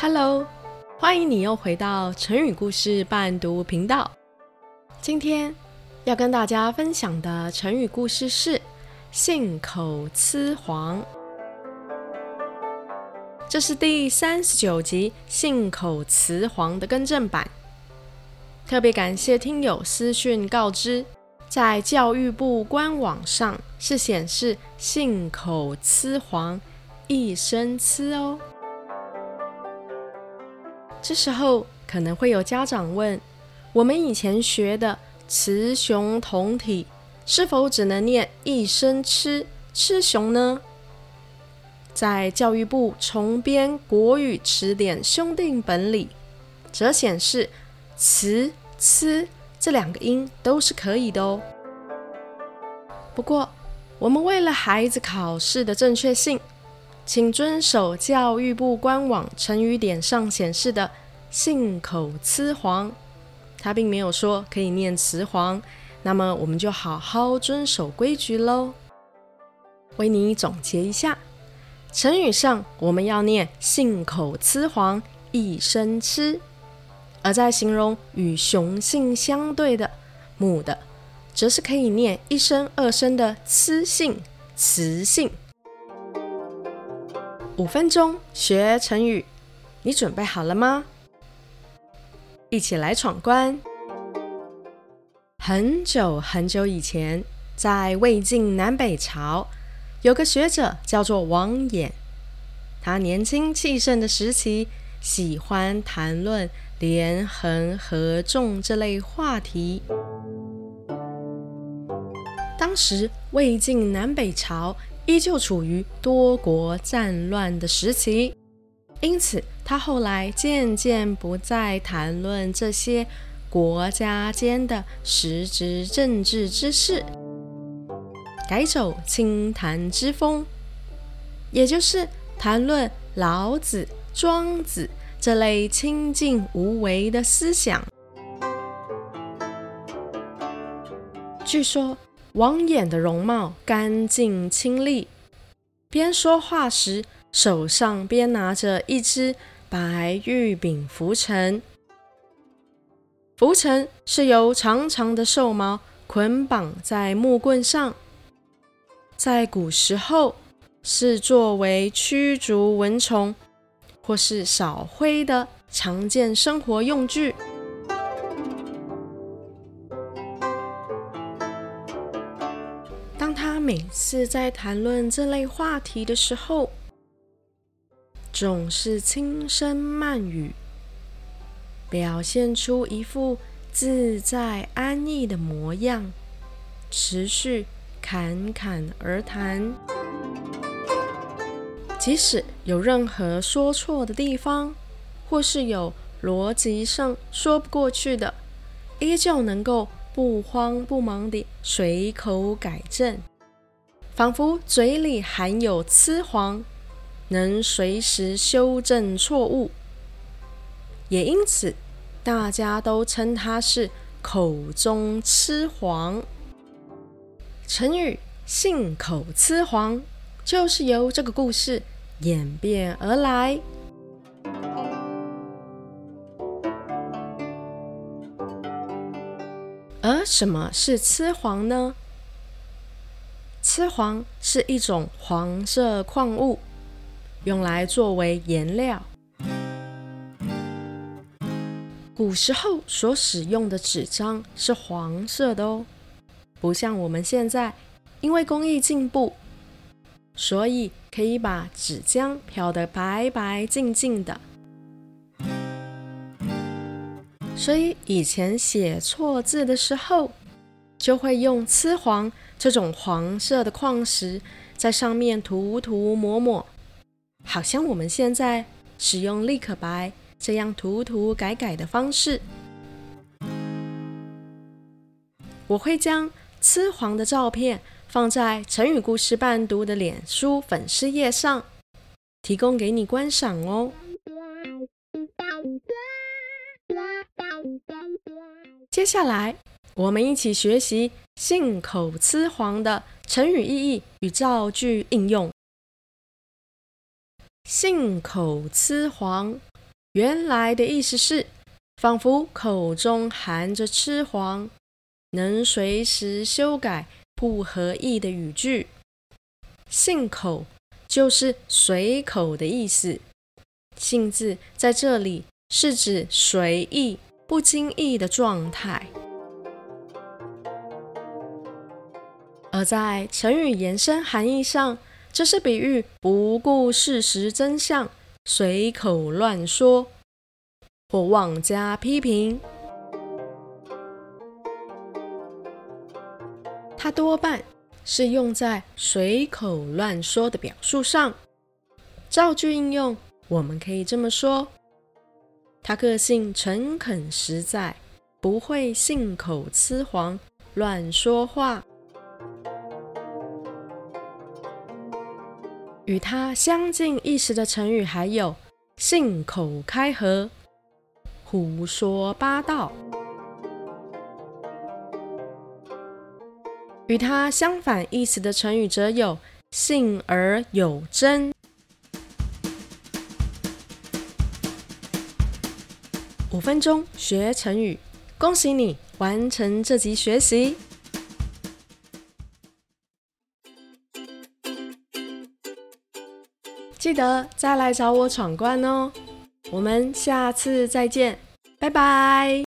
Hello，歡迎你又回到成語故事伴讀頻道。今天要跟大家分享的成語故事是“信口雌黃”。這是第三十九集“信口雌黃”的更正版。特別感謝聽友私訊告知，在教育部官網上是顯示“信口雌黃”一聲雌哦。這時候可能會有家長問：我們以前學的“雌雄同體”是否只能念一聲雌“雌雌雄”呢？在教育部重編國語詞典修訂本裡，則顯示“雌”“雌”這兩個音都是可以的哦。不過，我們為了孩子考試的正確性，請遵守教育部官網成語典上顯示的“信口雌黃”，它並沒有說可以念“雌黃”。那麼我們就好好遵守規矩嘍。為你總結一下，成語上我們要念“信口雌黃”，一聲“雌”，而在形容與雄性相對的母的，則是可以念一聲二聲的“雌性”、“雌性”。五分鐘學成語，你準備好了嗎？一起來闖關。很久很久以前，在魏晉南北朝，有個學者叫做王衍，他年輕氣盛的時期，喜歡談論連橫合縱這類話題。當時魏晉南北朝。依舊處於多國戰亂的時期，因此他後來漸漸不再談論這些國家間的實質政治之事，改走清談之風，也就是談論老子、莊子這類清靜無為的思想。據說。王衍的容貌乾淨清麗，邊說話時，手上邊拿着一只白玉柄拂塵。拂塵是由長長的獸毛捆綁在木棍上，在古時候是作為驅逐蚊蟲或是掃灰的常見生活用具。當他每次在談論這類話題的時候，總是輕聲慢語，表現出一副自在安逸的模樣，持續侃侃而談。即使有任何說錯的地方，或是有邏輯上說不過去的，依舊能夠。不慌不忙地隨口改正，仿佛嘴裡含有雌黃，能隨時修正錯誤，也因此大家都稱他是口中雌黃。成語“信口雌黃”就是由這個故事演變而來。什麼是雌黃呢？雌黃是一種黃色礦物，用來作為顏料。古時候所使用的紙張是黃色的哦，不像我們現在，因為工藝進步，所以可以把紙漿漂得白白淨淨的。所以以前寫錯字的時候，就會用雌黃這種黃色的礦石在上面塗塗抹抹，好像我們現在使用立可白這樣塗塗改改的方式。我會將雌黃的照片放在成語故事伴讀的臉書粉絲頁上，提供給你觀賞哦。接下來，我們一起學習“信口雌黃”的成語意義與造句應用。“信口雌黃”原來的意思是，仿佛口中含着雌黃，能隨時修改不合意的語句。“信口”就是隨口的意思，“信”字在這裡是指隨意。不經意的狀態，而在成語延伸含義上，這是比喻不顧事實真相、隨口亂說或妄加批評。它多半是用在隨口亂說的表述上。造句應用，我們可以這麼說。他個性誠懇實在，不會信口雌黃、亂說話。與他相近意思的成語還有“信口開河”“胡說八道”。與他相反意思的成語則有“信而有徵”。五分鐘學成語，恭喜你完成這集學習，記得再來找我闖關哦！我們下次再見，拜拜。